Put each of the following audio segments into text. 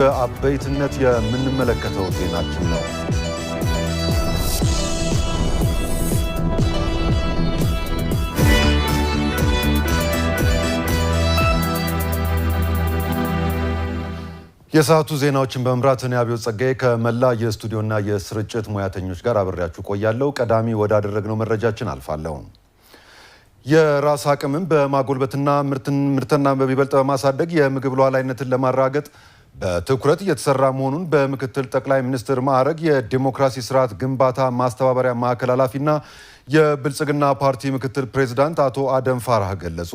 በአበይትነት የምንመለከተው ዜናችን ነው። የሰዓቱ ዜናዎችን በመምራት እኔ አብዮ ጸጋዬ ከመላ የስቱዲዮና የስርጭት ሙያተኞች ጋር አብሬያችሁ ቆያለሁ። ቀዳሚ ወዳደረግነው መረጃችን አልፋለሁ። የራስ አቅምን በማጎልበትና ምርትን ምርትና በሚበልጥ በማሳደግ የምግብ ሉዓላዊነትን ለማረጋገጥ በትኩረት እየተሰራ መሆኑን በምክትል ጠቅላይ ሚኒስትር ማዕረግ የዴሞክራሲ ስርዓት ግንባታ ማስተባበሪያ ማዕከል ኃላፊና የብልጽግና ፓርቲ ምክትል ፕሬዚዳንት አቶ አደም ፋራህ ገለጹ።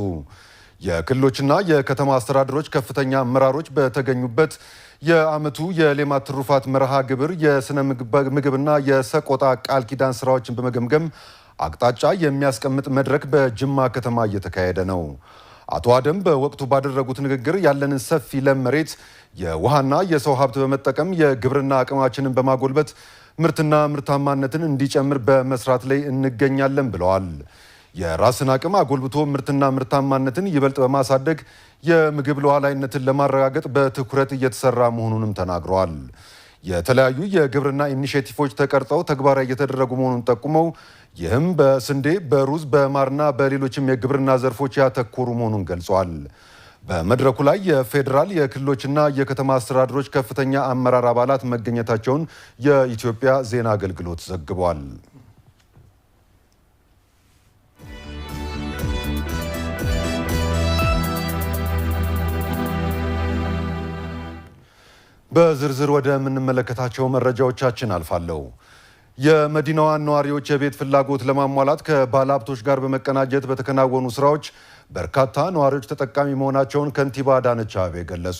የክልሎችና የከተማ አስተዳደሮች ከፍተኛ አመራሮች በተገኙበት የዓመቱ የሌማት ትሩፋት መርሃ ግብር የስነ ምግብና የሰቆጣ ቃል ኪዳን ስራዎችን በመገምገም አቅጣጫ የሚያስቀምጥ መድረክ በጅማ ከተማ እየተካሄደ ነው። አቶ አደም በወቅቱ ባደረጉት ንግግር ያለንን ሰፊ ለም መሬት የውሃና የሰው ሀብት በመጠቀም የግብርና አቅማችንን በማጎልበት ምርትና ምርታማነትን እንዲጨምር በመስራት ላይ እንገኛለን ብለዋል። የራስን አቅም አጎልብቶ ምርትና ምርታማነትን ይበልጥ በማሳደግ የምግብ ሉዓላዊነትን ለማረጋገጥ በትኩረት እየተሰራ መሆኑንም ተናግረዋል። የተለያዩ የግብርና ኢኒሽቲቮች ተቀርጸው ተግባራዊ እየተደረጉ መሆኑን ጠቁመው ይህም በስንዴ፣ በሩዝ፣ በማርና በሌሎችም የግብርና ዘርፎች ያተኮሩ መሆኑን ገልጿል። በመድረኩ ላይ የፌዴራል የክልሎችና የከተማ አስተዳደሮች ከፍተኛ አመራር አባላት መገኘታቸውን የኢትዮጵያ ዜና አገልግሎት ዘግቧል። በዝርዝር ወደ ምንመለከታቸው መረጃዎቻችን አልፋለሁ። የመዲናዋን ነዋሪዎች የቤት ፍላጎት ለማሟላት ከባለሀብቶች ጋር በመቀናጀት በተከናወኑ ስራዎች በርካታ ነዋሪዎች ተጠቃሚ መሆናቸውን ከንቲባ አዳነች አቤቤ ገለጹ።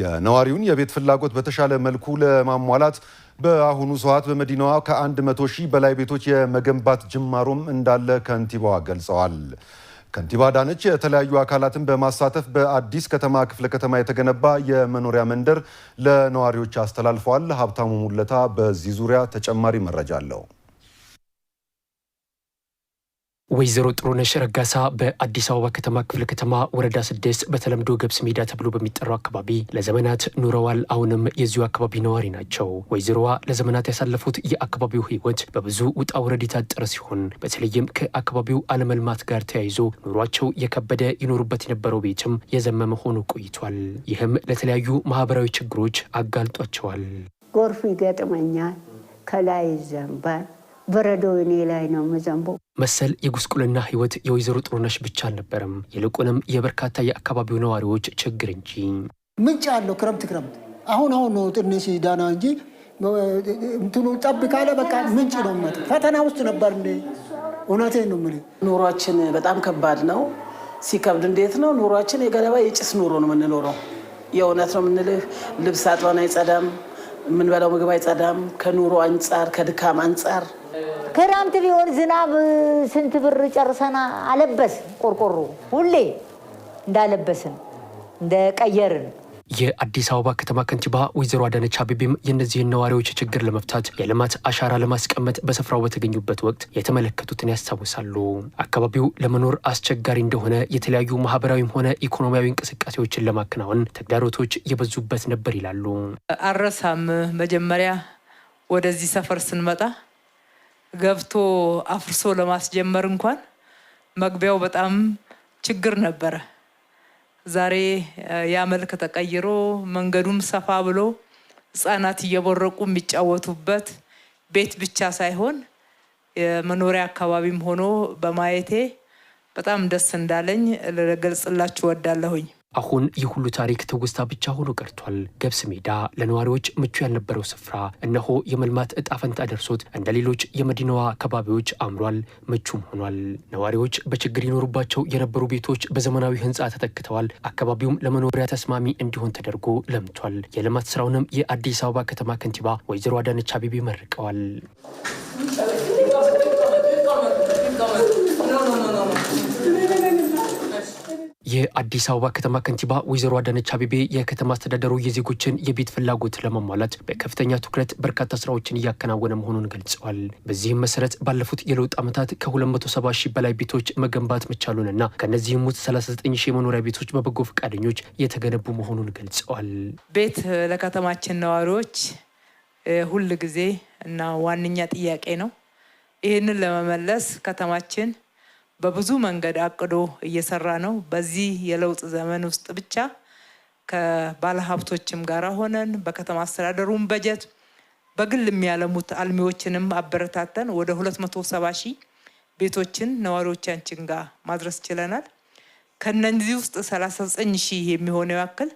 የነዋሪውን የቤት ፍላጎት በተሻለ መልኩ ለማሟላት በአሁኑ ሰዓት በመዲናዋ ከአንድ መቶ ሺህ በላይ ቤቶች የመገንባት ጅማሮም እንዳለ ከንቲባዋ ገልጸዋል። ከንቲባ ዳነች የተለያዩ አካላትን በማሳተፍ በአዲስ ከተማ ክፍለ ከተማ የተገነባ የመኖሪያ መንደር ለነዋሪዎች አስተላልፈዋል። ሀብታሙ ሙለታ በዚህ ዙሪያ ተጨማሪ መረጃ አለው። ወይዘሮ ጥሩነሽ ረጋሳ በአዲስ አበባ ከተማ ክፍለ ከተማ ወረዳ ስድስት በተለምዶ ገብስ ሜዳ ተብሎ በሚጠራው አካባቢ ለዘመናት ኑረዋል። አሁንም የዚሁ አካባቢ ነዋሪ ናቸው። ወይዘሮዋ ለዘመናት ያሳለፉት የአካባቢው ሕይወት በብዙ ውጣ ውረድ የታጠረ ሲሆን በተለይም ከአካባቢው አለመልማት ጋር ተያይዞ ኑሯቸው የከበደ ይኖሩበት የነበረው ቤትም የዘመመ ሆኖ ቆይቷል። ይህም ለተለያዩ ማህበራዊ ችግሮች አጋልጧቸዋል። ጎርፍ ይገጥመኛል፣ ከላይ ይዘንባል በረዶ እኔ ላይ ነው መዘንቦ። መሰል የጉስቁልና ህይወት የወይዘሮ ጥሩነሽ ብቻ አልነበረም፣ ይልቁንም የበርካታ የአካባቢው ነዋሪዎች ችግር እንጂ። ምንጭ አለው ክረምት ክረምት አሁን አሁን ነው ትንሽ ዳና እንጂ እንትኑ ጠብ ካለ በቃ ምንጭ ነው መ ፈተና ውስጥ ነበር እንዴ! ነው የምልህ። ኑሯችን በጣም ከባድ ነው። ሲከብድ እንዴት ነው ኑሯችን? የገለባ የጭስ ኑሮ ነው የምንኖረው። የእውነት ነው የምንልህ። ልብስ አጥበን አይጸዳም፣ የምንበላው ምግብ አይጸዳም። ከኑሮ አንጻር ከድካም አንጻር ክረምት ቢሆን ዝናብ ስንት ብር ጨርሰና አለበስ ቆርቆሮ ሁሌ እንዳለበስን እንደቀየርን የአዲስ አበባ ከተማ ከንቲባ ወይዘሮ አዳነች አቤቤም የእነዚህን ነዋሪዎች ችግር ለመፍታት የልማት አሻራ ለማስቀመጥ በስፍራው በተገኙበት ወቅት የተመለከቱትን ያስታውሳሉ። አካባቢው ለመኖር አስቸጋሪ እንደሆነ የተለያዩ ማህበራዊም ሆነ ኢኮኖሚያዊ እንቅስቃሴዎችን ለማከናወን ተግዳሮቶች የበዙበት ነበር ይላሉ። አረሳም መጀመሪያ ወደዚህ ሰፈር ስንመጣ ገብቶ አፍርሶ ለማስጀመር እንኳን መግቢያው በጣም ችግር ነበረ። ዛሬ ያ መልክ ተቀይሮ መንገዱም ሰፋ ብሎ ህፃናት እየቦረቁ የሚጫወቱበት ቤት ብቻ ሳይሆን የመኖሪያ አካባቢም ሆኖ በማየቴ በጣም ደስ እንዳለኝ ልገልጽላችሁ ወዳለሁኝ። አሁን ይህ ሁሉ ታሪክ ትውስታ ብቻ ሆኖ ቀርቷል። ገብስ ሜዳ ለነዋሪዎች ምቹ ያልነበረው ስፍራ እነሆ የመልማት እጣ ፈንታ ደርሶት እንደ ሌሎች የመዲናዋ አካባቢዎች አምሯል፣ ምቹም ሆኗል። ነዋሪዎች በችግር ይኖሩባቸው የነበሩ ቤቶች በዘመናዊ ህንፃ ተተክተዋል። አካባቢውም ለመኖሪያ ተስማሚ እንዲሆን ተደርጎ ለምቷል። የልማት ስራውንም የአዲስ አበባ ከተማ ከንቲባ ወይዘሮ አዳነች አቤቤ መርቀዋል። የአዲስ አበባ ከተማ ከንቲባ ወይዘሮ አዳነች አቤቤ የከተማ አስተዳደሩ የዜጎችን የቤት ፍላጎት ለማሟላት በከፍተኛ ትኩረት በርካታ ስራዎችን እያከናወነ መሆኑን ገልጸዋል። በዚህም መሰረት ባለፉት የለውጥ ዓመታት ከ270 ሺህ በላይ ቤቶች መገንባት መቻሉንና ከእነዚህም ውስጥ 39 ሺህ የመኖሪያ ቤቶች በበጎ ፈቃደኞች የተገነቡ መሆኑን ገልጸዋል። ቤት ለከተማችን ነዋሪዎች ሁል ጊዜ እና ዋነኛ ጥያቄ ነው። ይህንን ለመመለስ ከተማችን በብዙ መንገድ አቅዶ እየሰራ ነው። በዚህ የለውጥ ዘመን ውስጥ ብቻ ከባለሀብቶችም ጋር ሆነን በከተማ አስተዳደሩን በጀት በግል የሚያለሙት አልሚዎችንም አበረታተን ወደ 270 ሺህ ቤቶችን ነዋሪዎቻችን ጋር ማድረስ ችለናል። ከነዚህ ውስጥ 39 ሺህ የሚሆነው ያክል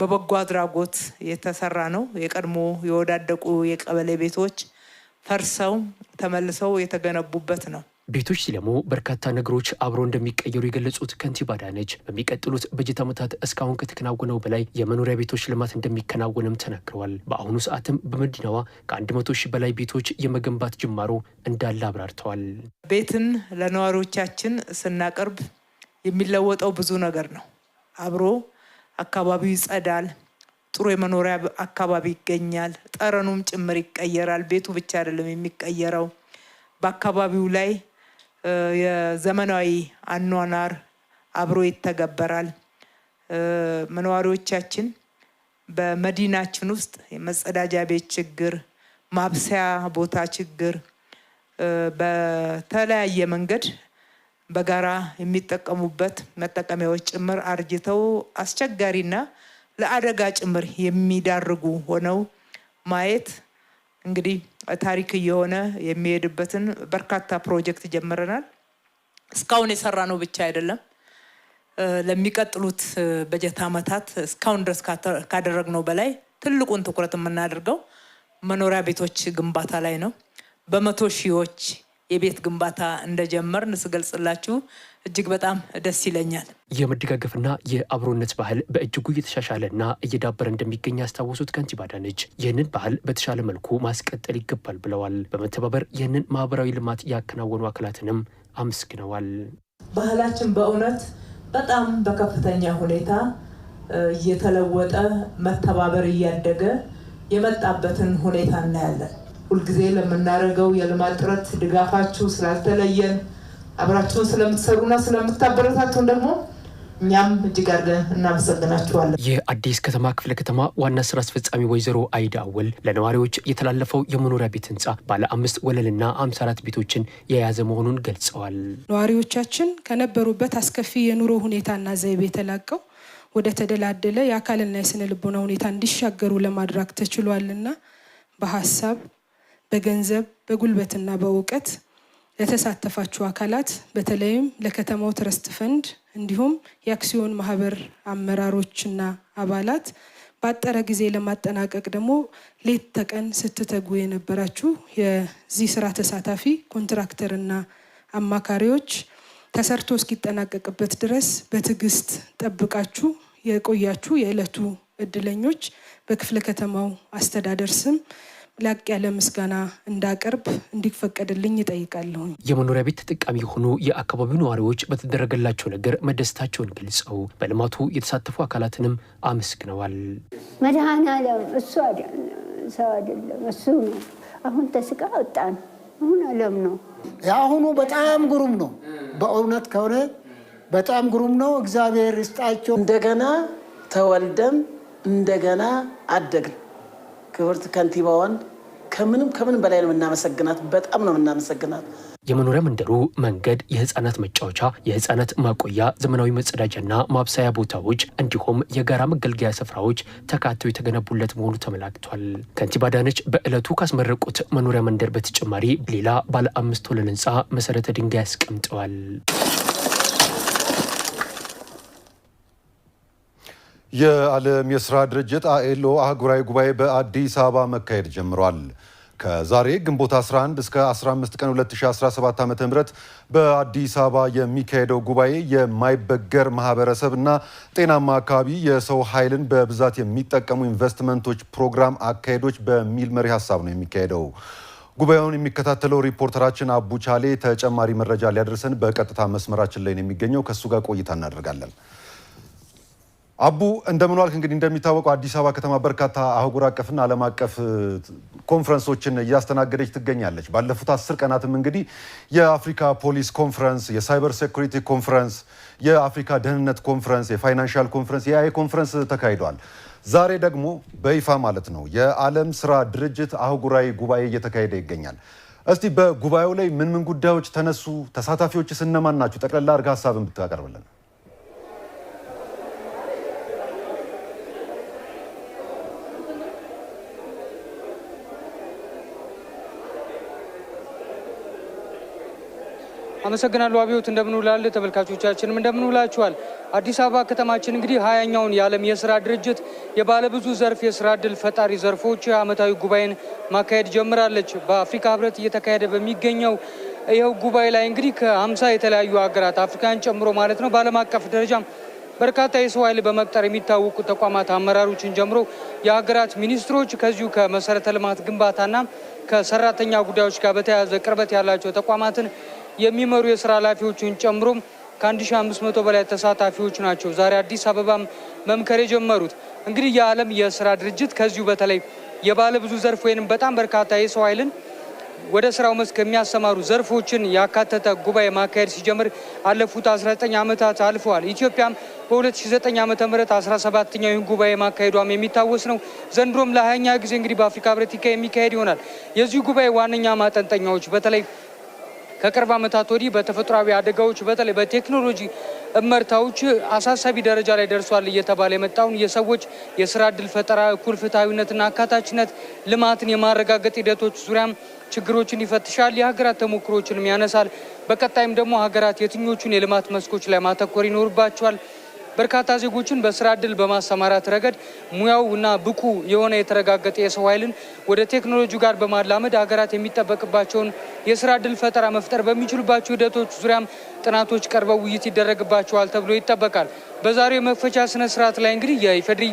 በበጎ አድራጎት የተሰራ ነው። የቀድሞ የወዳደቁ የቀበሌ ቤቶች ፈርሰው ተመልሰው የተገነቡበት ነው። ቤቶች ሲለሙ በርካታ ነገሮች አብሮ እንደሚቀየሩ የገለጹት ከንቲባ አዳነች በሚቀጥሉት በጀት ዓመታት እስካሁን ከተከናወነው በላይ የመኖሪያ ቤቶች ልማት እንደሚከናወንም ተናግረዋል። በአሁኑ ሰዓትም በመዲናዋ ከ100 ሺህ በላይ ቤቶች የመገንባት ጅማሮ እንዳለ አብራርተዋል። ቤትን ለነዋሪዎቻችን ስናቀርብ የሚለወጠው ብዙ ነገር ነው። አብሮ አካባቢው ይጸዳል፣ ጥሩ የመኖሪያ አካባቢ ይገኛል፣ ጠረኑም ጭምር ይቀየራል። ቤቱ ብቻ አይደለም የሚቀየረው በአካባቢው ላይ የዘመናዊ አኗኗር አብሮ ይተገበራል። መኗሪዎቻችን በመዲናችን ውስጥ የመጸዳጃ ቤት ችግር፣ ማብሰያ ቦታ ችግር በተለያየ መንገድ በጋራ የሚጠቀሙበት መጠቀሚያዎች ጭምር አርጅተው አስቸጋሪና ለአደጋ ጭምር የሚዳርጉ ሆነው ማየት እንግዲህ ታሪክ እየሆነ የሚሄድበትን በርካታ ፕሮጀክት ጀምረናል። እስካሁን የሰራ ነው ብቻ አይደለም ለሚቀጥሉት በጀት ዓመታት እስካሁን ድረስ ካደረግነው በላይ ትልቁን ትኩረት የምናደርገው መኖሪያ ቤቶች ግንባታ ላይ ነው። በመቶ ሺዎች የቤት ግንባታ እንደጀመርን ስገልጽላችሁ እጅግ በጣም ደስ ይለኛል። የመደጋገፍና የአብሮነት ባህል በእጅጉ እየተሻሻለና እየዳበረ እንደሚገኝ ያስታወሱት ከንቲባ አዳነች ይህንን ባህል በተሻለ መልኩ ማስቀጠል ይገባል ብለዋል። በመተባበር ይህንን ማህበራዊ ልማት ያከናወኑ አካላትንም አመስግነዋል። ባህላችን በእውነት በጣም በከፍተኛ ሁኔታ እየተለወጠ መተባበር እያደገ የመጣበትን ሁኔታ እናያለን። ሁልጊዜ ለምናደርገው የልማት ጥረት ድጋፋችሁ ስላልተለየን አብራችሁን ስለምትሰሩና ስለምታበረታቱን ደግሞ እኛም እጅግ አድርገን እናመሰግናችኋለን። የአዲስ ከተማ ክፍለ ከተማ ዋና ስራ አስፈጻሚ ወይዘሮ አይዳ አወል ለነዋሪዎች የተላለፈው የመኖሪያ ቤት ህንፃ ባለ አምስት ወለልና አምሳ አራት ቤቶችን የያዘ መሆኑን ገልጸዋል። ነዋሪዎቻችን ከነበሩበት አስከፊ የኑሮ ሁኔታና ዘይቤ የተላቀው ወደ ተደላደለ የአካልና የስነ ልቦና ሁኔታ እንዲሻገሩ ለማድረግ ተችሏልና በሀሳብ በገንዘብ በጉልበትና በእውቀት ለተሳተፋችሁ አካላት በተለይም ለከተማው ትረስት ፈንድ እንዲሁም የአክሲዮን ማህበር አመራሮችና አባላት በአጠረ ጊዜ ለማጠናቀቅ ደግሞ ሌት ተቀን ስትተጉ የነበራችሁ የዚህ ስራ ተሳታፊ ኮንትራክተርና አማካሪዎች ተሰርቶ እስኪጠናቀቅበት ድረስ በትዕግስት ጠብቃችሁ የቆያችሁ የዕለቱ እድለኞች በክፍለ ከተማው አስተዳደር ስም ላቅ ያለ ምስጋና እንዳቀርብ እንዲፈቀድልኝ ይጠይቃለሁ። የመኖሪያ ቤት ተጠቃሚ የሆኑ የአካባቢው ነዋሪዎች በተደረገላቸው ነገር መደሰታቸውን ገልጸው በልማቱ የተሳተፉ አካላትንም አመስግነዋል። መድኃኔዓለም እሱ ሰው አይደለም፣ እሱ ነው። አሁን ተስቃ ወጣን። አሁን አለም ነው። የአሁኑ በጣም ግሩም ነው። በእውነት ከሆነ በጣም ግሩም ነው። እግዚአብሔር ይስጣቸው። እንደገና ተወልደን እንደገና አደግን። ክብርት ከንቲባዋን ከምንም ከምንም በላይ ነው የምናመሰግናት። በጣም ነው የምናመሰግናት። የመኖሪያ መንደሩ መንገድ፣ የህፃናት መጫወቻ፣ የህፃናት ማቆያ፣ ዘመናዊ መጸዳጃና ማብሰያ ቦታዎች እንዲሁም የጋራ መገልገያ ስፍራዎች ተካተው የተገነቡለት መሆኑ ተመላክቷል። ከንቲባ አዳነች በዕለቱ ካስመረቁት መኖሪያ መንደር በተጨማሪ ሌላ ባለ አምስት ወለል ህንፃ መሰረተ ድንጋይ አስቀምጠዋል። የዓለም የስራ ድርጅት አኤልኦ አህጉራዊ ጉባኤ በአዲስ አበባ መካሄድ ጀምሯል። ከዛሬ ግንቦት 11 እስከ 15 ቀን 2017 ዓ.ም በአዲስ አበባ የሚካሄደው ጉባኤ የማይበገር ማህበረሰብ እና ጤናማ አካባቢ የሰው ኃይልን በብዛት የሚጠቀሙ ኢንቨስትመንቶች ፕሮግራም አካሄዶች በሚል መሪ ሀሳብ ነው የሚካሄደው። ጉባኤውን የሚከታተለው ሪፖርተራችን አቡቻሌ ተጨማሪ መረጃ ሊያደርሰን በቀጥታ መስመራችን ላይ ነው የሚገኘው። ከእሱ ጋር ቆይታ እናደርጋለን። አቡ እንደምን ዋልክ? እንግዲህ እንደሚታወቀው አዲስ አበባ ከተማ በርካታ አህጉር አቀፍና ዓለም አቀፍ ኮንፈረንሶችን እያስተናገደች ትገኛለች። ባለፉት አስር ቀናትም እንግዲህ የአፍሪካ ፖሊስ ኮንፈረንስ፣ የሳይበር ሴኩሪቲ ኮንፈረንስ፣ የአፍሪካ ደህንነት ኮንፈረንስ፣ የፋይናንሻል ኮንፈረንስ፣ የአይ ኮንፈረንስ ተካሂዷል። ዛሬ ደግሞ በይፋ ማለት ነው የዓለም ስራ ድርጅት አህጉራዊ ጉባኤ እየተካሄደ ይገኛል። እስቲ በጉባኤው ላይ ምን ምን ጉዳዮች ተነሱ? ተሳታፊዎችስ እነማን ናቸው? ጠቅላላ አድርገህ ሀሳብን ብታቀርብልን አመሰግናለሁ አብዮት። እንደምንውላል ተመልካቾቻችንም እንደምንውላችኋል። አዲስ አበባ ከተማችን እንግዲህ ሀያኛውን የዓለም የስራ ድርጅት የባለብዙ ዘርፍ የስራ ድል ፈጣሪ ዘርፎች ዓመታዊ ጉባኤን ማካሄድ ጀምራለች። በአፍሪካ ህብረት እየተካሄደ በሚገኘው ይኸው ጉባኤ ላይ እንግዲህ ከሀምሳ የተለያዩ ሀገራት አፍሪካን ጨምሮ ማለት ነው በዓለም አቀፍ ደረጃ በርካታ የሰው ኃይል በመቅጠር የሚታወቁ ተቋማት አመራሮችን ጀምሮ የሀገራት ሚኒስትሮች ከዚሁ ከመሰረተ ልማት ግንባታና ከሰራተኛ ጉዳዮች ጋር በተያያዘ ቅርበት ያላቸው ተቋማትን የሚመሩ የስራ ኃላፊዎችን ጨምሮ ከ1500 በላይ ተሳታፊዎች ናቸው ዛሬ አዲስ አበባም መምከር የጀመሩት። እንግዲህ የዓለም የስራ ድርጅት ከዚሁ በተለይ የባለ ብዙ ዘርፍ ወይንም በጣም በርካታ የሰው ኃይልን ወደ ስራው መስክ የሚያሰማሩ ዘርፎችን ያካተተ ጉባኤ ማካሄድ ሲጀምር አለፉት 19 ዓመታት አልፈዋል። ኢትዮጵያም በ2009 ዓ ም 17ኛው ጉባኤ ማካሄዷም የሚታወስ ነው። ዘንድሮም ለ20ኛ ጊዜ እንግዲህ በአፍሪካ ህብረት የሚካሄድ ይሆናል። የዚሁ ጉባኤ ዋነኛ ማጠንጠኛዎች በተለይ ከቅርብ ዓመታት ወዲህ በተፈጥሯዊ አደጋዎች በተለይ በቴክኖሎጂ እመርታዎች አሳሳቢ ደረጃ ላይ ደርሷል እየተባለ የመጣውን የሰዎች የስራ እድል ፈጠራ፣ እኩል ፍትሐዊነትና አካታችነት፣ ልማትን የማረጋገጥ ሂደቶች ዙሪያም ችግሮችን ይፈትሻል፣ የሀገራት ተሞክሮችንም ያነሳል። በቀጣይም ደግሞ ሀገራት የትኞቹን የልማት መስኮች ላይ ማተኮር ይኖርባቸዋል በርካታ ዜጎችን በስራ እድል በማሰማራት ረገድ ሙያውና ብቁ የሆነ የተረጋገጠ የሰው ኃይልን ወደ ቴክኖሎጂ ጋር በማላመድ ሀገራት የሚጠበቅባቸውን የስራ እድል ፈጠራ መፍጠር በሚችሉባቸው ሂደቶች ዙሪያም ጥናቶች ቀርበው ውይይት ይደረግባቸዋል ተብሎ ይጠበቃል። በዛሬው የመክፈቻ ስነ ስርዓት ላይ እንግዲህ የኢፌዴሪ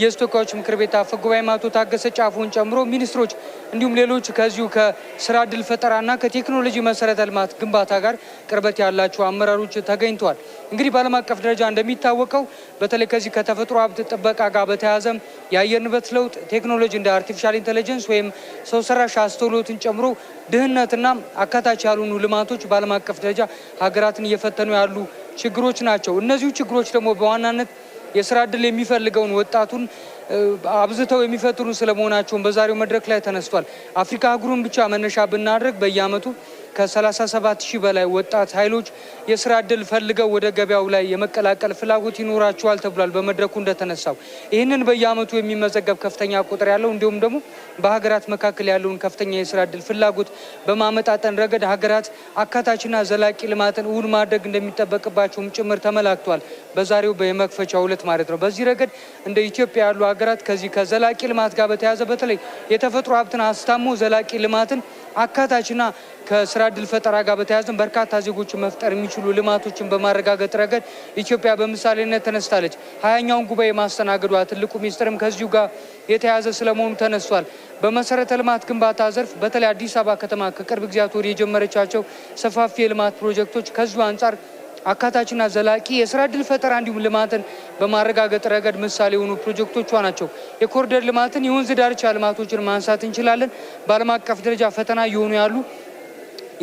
የሕዝብ ተወካዮች ምክር ቤት አፈ ጉባኤ አቶ ታገሰ ጫፉን ጨምሮ ሚኒስትሮች እንዲሁም ሌሎች ከዚሁ ከስራ እድል ፈጠራና ከቴክኖሎጂ መሰረተ ልማት ግንባታ ጋር ቅርበት ያላቸው አመራሮች ተገኝተዋል። እንግዲህ በዓለም አቀፍ ደረጃ እንደሚታወቀው በተለይ ከዚህ ከተፈጥሮ ሀብት ጥበቃ ጋር በተያያዘም የአየር ንብረት ለውጥ ቴክኖሎጂ እንደ አርቲፊሻል ኢንቴሊጀንስ ወይም ሰው ሰራሽ አስተውሎትን ጨምሮ ድህነትና አካታች ያልሆኑ ልማቶች በዓለም አቀፍ ደረጃ ሀገራትን እየፈተኑ ያሉ ችግሮች ናቸው። እነዚሁ ችግሮች ደግሞ በዋናነት የስራ እድል የሚፈልገውን ወጣቱን አብዝተው የሚፈጥሩ ስለመሆናቸውን በዛሬው መድረክ ላይ ተነስቷል። አፍሪካ አህጉሩን ብቻ መነሻ ብናደርግ በየአመቱ ከ37 ሺህ በላይ ወጣት ኃይሎች የስራ እድል ፈልገው ወደ ገበያው ላይ የመቀላቀል ፍላጎት ይኖራቸዋል ተብሏል። በመድረኩ እንደተነሳው ይህንን በየአመቱ የሚመዘገብ ከፍተኛ ቁጥር ያለው እንዲሁም ደግሞ በሀገራት መካከል ያለውን ከፍተኛ የስራ እድል ፍላጎት በማመጣጠን ረገድ ሀገራት አካታችና ዘላቂ ልማትን እውን ማድረግ እንደሚጠበቅባቸውም ጭምር ተመላክቷል። በዛሬው በመክፈቻው ዕለት ማለት ነው። በዚህ ረገድ እንደ ኢትዮጵያ ያሉ ሀገራት ከዚህ ከዘላቂ ልማት ጋር በተያያዘ በተለይ የተፈጥሮ ሀብትን አስታሞ ዘላቂ ልማትን አካታችና ከስራ እድል ፈጠራ ጋር በተያያዘም በርካታ ዜጎችን መፍጠር የሚችሉ ልማቶችን በማረጋገጥ ረገድ ኢትዮጵያ በምሳሌነት ተነስታለች። ሀያኛውን ጉባኤ ማስተናገዷ ትልቁ ሚኒስትርም ከዚሁ ጋር የተያያዘ ስለመሆኑ ተነስቷል። በመሰረተ ልማት ግንባታ ዘርፍ በተለይ አዲስ አበባ ከተማ ከቅርብ ጊዜያት ወዲህ የጀመረቻቸው ሰፋፊ የልማት ፕሮጀክቶች ከዚሁ አንጻር አካታችና ዘላቂ የስራ እድል ፈጠራ እንዲሁም ልማትን በማረጋገጥ ረገድ ምሳሌ የሆኑ ፕሮጀክቶቿ ናቸው። የኮሪደር ልማትን፣ የወንዝ ዳርቻ ልማቶችን ማንሳት እንችላለን። በዓለም አቀፍ ደረጃ ፈተና እየሆኑ ያሉ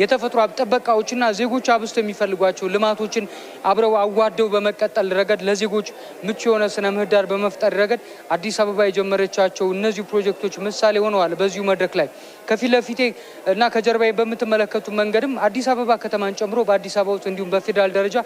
የተፈጥሮ ጥበቃዎችና ዜጎች አብስቶ የሚፈልጓቸው ልማቶችን አብረው አዋደው በመቀጠል ረገድ ለዜጎች ምቹ የሆነ ስነ ምህዳር በመፍጠር ረገድ አዲስ አበባ የጀመረቻቸው እነዚህ ፕሮጀክቶች ምሳሌ ሆነዋል። በዚሁ መድረክ ላይ ከፊት ለፊቴ እና ከጀርባዬ በምትመለከቱ መንገድም አዲስ አበባ ከተማን ጨምሮ በአዲስ አበባ ውስጥ እንዲሁም በፌዴራል ደረጃ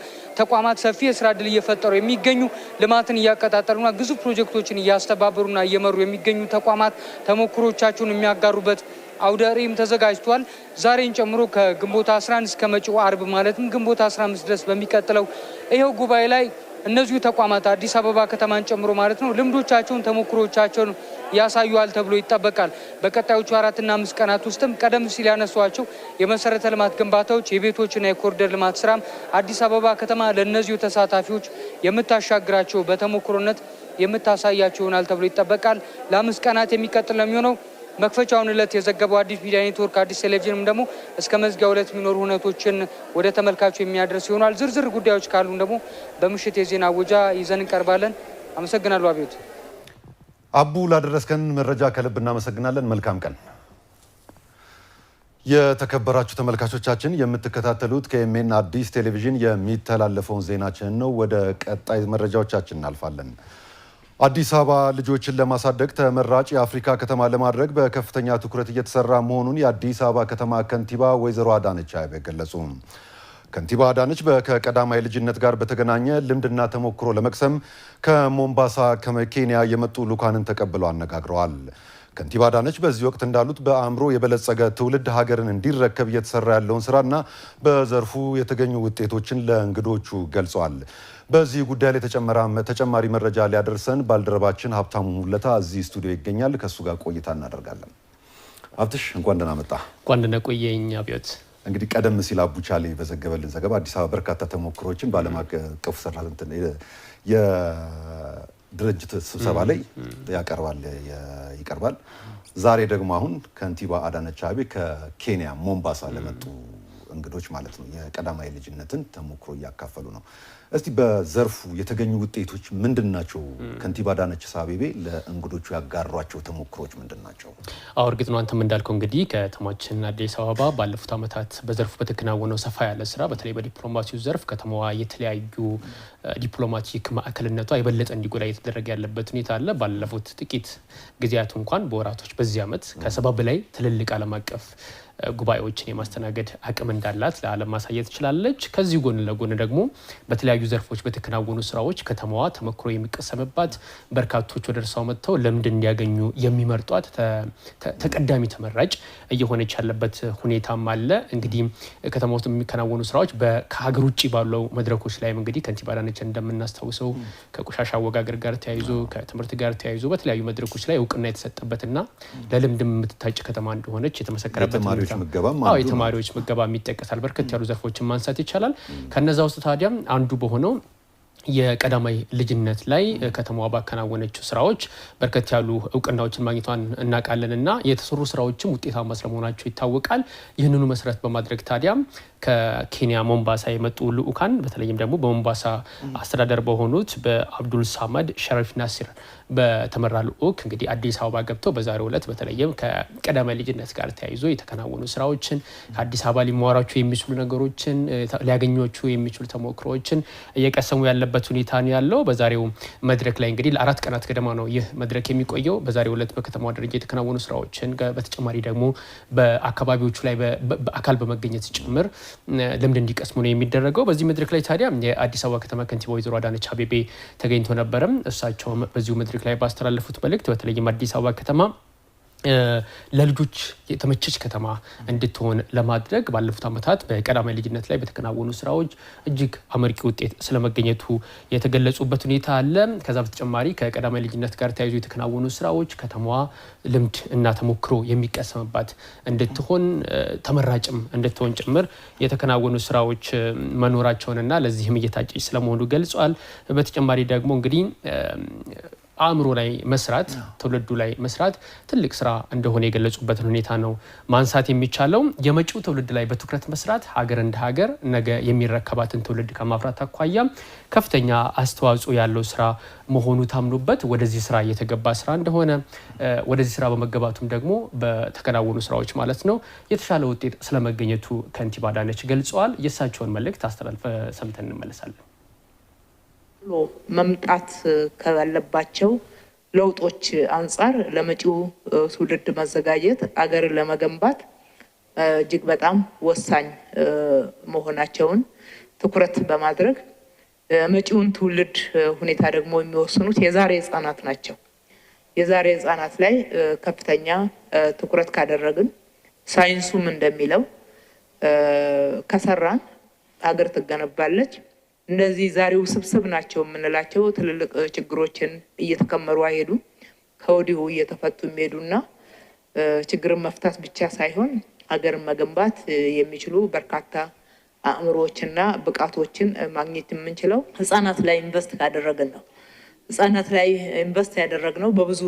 ተቋማት ሰፊ የስራ እድል እየፈጠሩ የሚገኙ ልማትን እያቀጣጠሉና ግዙፍ ፕሮጀክቶችን እያስተባበሩና እየመሩ የሚገኙ ተቋማት ተሞክሮቻቸውን የሚያጋሩበት አውደ ርዕይም ተዘጋጅቷል። ዛሬን ጨምሮ ከግንቦት 11 እስከ መጪው አርብ ማለትም ግንቦት 15 ድረስ በሚቀጥለው ይኸው ጉባኤ ላይ እነዚሁ ተቋማት አዲስ አበባ ከተማን ጨምሮ ማለት ነው ልምዶቻቸውን፣ ተሞክሮቻቸውን ያሳዩዋል ተብሎ ይጠበቃል። በቀጣዮቹ አራትና አምስት ቀናት ውስጥም ቀደም ሲል ያነሷቸው የመሰረተ ልማት ግንባታዎች፣ የቤቶችና የኮሪደር ልማት ስራም አዲስ አበባ ከተማ ለእነዚሁ ተሳታፊዎች የምታሻግራቸው በተሞክሮነት የምታሳያቸው ይሆናል ተብሎ ይጠበቃል። ለአምስት ቀናት የሚቀጥል ነው የሚሆነው። መክፈቻውን ዕለት የዘገበው አዲስ ሚዲያ ኔትወርክ አዲስ ቴሌቪዥንም ደግሞ እስከ መዝጊያው ዕለት የሚኖሩ ሁነቶችን ወደ ተመልካቹ የሚያደርስ ይሆናል። ዝርዝር ጉዳዮች ካሉ ደግሞ በምሽት የዜና አወጃ ይዘን እንቀርባለን። አመሰግናለሁ አብዮት። አቡ ላደረስከን መረጃ ከልብ እናመሰግናለን። መልካም ቀን። የተከበራችሁ ተመልካቾቻችን የምትከታተሉት ከኤሜን አዲስ ቴሌቪዥን የሚተላለፈውን ዜናችን ነው። ወደ ቀጣይ መረጃዎቻችን እናልፋለን። አዲስ አበባ ልጆችን ለማሳደግ ተመራጭ የአፍሪካ ከተማ ለማድረግ በከፍተኛ ትኩረት እየተሰራ መሆኑን የአዲስ አበባ ከተማ ከንቲባ ወይዘሮ አዳነች አቤቤ ገለጹ። ከንቲባ አዳነች ከቀዳማይ ልጅነት ጋር በተገናኘ ልምድና ተሞክሮ ለመቅሰም ከሞምባሳ ከኬንያ የመጡ ልኡካንን ተቀብለው አነጋግረዋል። ከንቲባ አዳነች በዚህ ወቅት እንዳሉት በአእምሮ የበለጸገ ትውልድ ሀገርን እንዲረከብ እየተሰራ ያለውን ስራና በዘርፉ የተገኙ ውጤቶችን ለእንግዶቹ ገልጸዋል። በዚህ ጉዳይ ላይ ተጨማሪ መረጃ ሊያደርሰን ባልደረባችን ሀብታሙ ሙለታ እዚህ ስቱዲዮ ይገኛል። ከእሱ ጋር ቆይታ እናደርጋለን። ሀብትሽ እንኳን ደህና መጣ። እንኳን ደህና ቆየኝ አብዮት። እንግዲህ ቀደም ሲል አቡቻ ላይ በዘገበልን ዘገባ አዲስ አበባ በርካታ ተሞክሮችን በዓለም አቀፉ ድርጅት ስብሰባ ላይ ያቀርባል ይቀርባል። ዛሬ ደግሞ አሁን ከንቲባ አዳነች አቤቤ ከኬንያ ሞምባሳ ለመጡ እንግዶች ማለት ነው የቀዳማዊ ልጅነትን ተሞክሮ እያካፈሉ ነው። እስቲ በዘርፉ የተገኙ ውጤቶች ምንድን ናቸው? ከንቲባ አዳነች አቤቤ ለእንግዶቹ ያጋሯቸው ተሞክሮች ምንድን ናቸው? አዎ እርግጥ ነው አንተም እንዳልከው እንግዲህ ከተማችን አዲስ አበባ ባለፉት ዓመታት በዘርፉ በተከናወነው ሰፋ ያለ ስራ በተለይ በዲፕሎማሲው ዘርፍ ከተማዋ የተለያዩ ዲፕሎማቲክ ማዕከልነቷ የበለጠ እንዲጎላ እየተደረገ ያለበት ሁኔታ አለ። ባለፉት ጥቂት ጊዜያት እንኳን በወራቶች በዚህ ዓመት ከሰባ በላይ ትልልቅ ዓለም አቀፍ ጉባኤዎችን የማስተናገድ አቅም እንዳላት ለዓለም ማሳየት ትችላለች። ከዚህ ጎን ለጎን ደግሞ በተለያዩ ዘርፎች በተከናወኑ ስራዎች ከተማዋ ተመክሮ የሚቀሰምባት በርካቶች ወደ እርሷ መጥተው ልምድ እንዲያገኙ የሚመርጧት ተቀዳሚ ተመራጭ እየሆነች ያለበት ሁኔታም አለ። እንግዲህ ከተማ ውስጥ የሚከናወኑ ስራዎች ከሀገር ውጭ ባለው መድረኮች ላይም እንግዲህ ከንቲባ አዳነች እንደምናስታውሰው ከቆሻሻ አወጋገር ጋር ተያይዞ ከትምህርት ጋር ተያይዞ በተለያዩ መድረኮች ላይ እውቅና የተሰጠበትና ለልምድም የምትታጭ ከተማ እንደሆነች የተመሰከረበት የተማሪዎች ምገባ ይጠቀሳል። በርከት ያሉ ዘርፎችን ማንሳት ይቻላል። ከነዛ ውስጥ ታዲያም አንዱ በሆነው የቀዳማይ ልጅነት ላይ ከተማዋ ባከናወነችው ስራዎች በርከት ያሉ እውቅናዎችን ማግኘቷን እናውቃለን እና የተሰሩ ስራዎችም ውጤታማ ስለመሆናቸው ይታወቃል። ይህንኑ መሰረት በማድረግ ታዲያም ከኬንያ ሞምባሳ የመጡ ልዑካን በተለይም ደግሞ በሞምባሳ አስተዳደር በሆኑት በአብዱል ሳማድ ሸሪፍ ናሲር በተመራ ልዑክ እንግዲህ አዲስ አበባ ገብተው በዛሬው ዕለት በተለይም ከቀደመ ልጅነት ጋር ተያይዞ የተከናወኑ ስራዎችን ከአዲስ አበባ ሊማሯቸው የሚችሉ ነገሮችን ሊያገኟቸው የሚችሉ ተሞክሮዎችን እየቀሰሙ ያለበት ሁኔታ ነው ያለው። በዛሬው መድረክ ላይ እንግዲህ ለአራት ቀናት ገደማ ነው ይህ መድረክ የሚቆየው። በዛሬው ዕለት በከተማ ደረጃ የተከናወኑ ስራዎችን በተጨማሪ ደግሞ በአካባቢዎቹ ላይ በአካል በመገኘት ጭምር ልምድ እንዲቀስሙ ነው የሚደረገው። በዚህ መድረክ ላይ ታዲያ የአዲስ አበባ ከተማ ከንቲባ ወይዘሮ አዳነች አቤቤ ተገኝቶ ነበረም። እሳቸውም በዚሁ መድረክ ቲክቶክ ላይ ባስተላለፉት መልእክት በተለይም አዲስ አበባ ከተማ ለልጆች የተመቸች ከተማ እንድትሆን ለማድረግ ባለፉት ዓመታት በቀዳማዊ ልጅነት ላይ በተከናወኑ ስራዎች እጅግ አመርቂ ውጤት ስለመገኘቱ የተገለጹበት ሁኔታ አለ። ከዛ በተጨማሪ ከቀዳማዊ ልጅነት ጋር ተያይዞ የተከናወኑ ስራዎች ከተማዋ ልምድ እና ተሞክሮ የሚቀሰምባት እንድትሆን ተመራጭም እንድትሆን ጭምር የተከናወኑ ስራዎች መኖራቸውንና ለዚህም እየታጨች ስለመሆኑ ገልጿል። በተጨማሪ ደግሞ እንግዲህ አእምሮ ላይ መስራት ትውልዱ ላይ መስራት ትልቅ ስራ እንደሆነ የገለጹበትን ሁኔታ ነው ማንሳት የሚቻለው። የመጪው ትውልድ ላይ በትኩረት መስራት ሀገር እንደ ሀገር ነገ የሚረከባትን ትውልድ ከማፍራት አኳያ ከፍተኛ አስተዋጽኦ ያለው ስራ መሆኑ ታምኖበት ወደዚህ ስራ እየተገባ ስራ እንደሆነ ወደዚህ ስራ በመገባቱም ደግሞ በተከናወኑ ስራዎች ማለት ነው የተሻለ ውጤት ስለመገኘቱ ከንቲባ አዳነች ገልጸዋል። የእሳቸውን መልእክት አስተላልፈ ሰምተን እንመለሳለን። ብሎ መምጣት ካለባቸው ለውጦች አንጻር ለመጪው ትውልድ መዘጋጀት አገር ለመገንባት እጅግ በጣም ወሳኝ መሆናቸውን ትኩረት በማድረግ መጪውን ትውልድ ሁኔታ ደግሞ የሚወስኑት የዛሬ ህጻናት ናቸው። የዛሬ ህጻናት ላይ ከፍተኛ ትኩረት ካደረግን ሳይንሱም እንደሚለው ከሰራን አገር ትገነባለች። እነዚህ ዛሬው ስብስብ ናቸው የምንላቸው ትልልቅ ችግሮችን እየተከመሩ አይሄዱ ከወዲሁ እየተፈቱ የሚሄዱና ችግርን መፍታት ብቻ ሳይሆን ሀገርን መገንባት የሚችሉ በርካታ አእምሮዎችና ብቃቶችን ማግኘት የምንችለው ህጻናት ላይ ኢንቨስት ካደረግን ነው። ህጻናት ላይ ኢንቨስት ያደረግነው በብዙ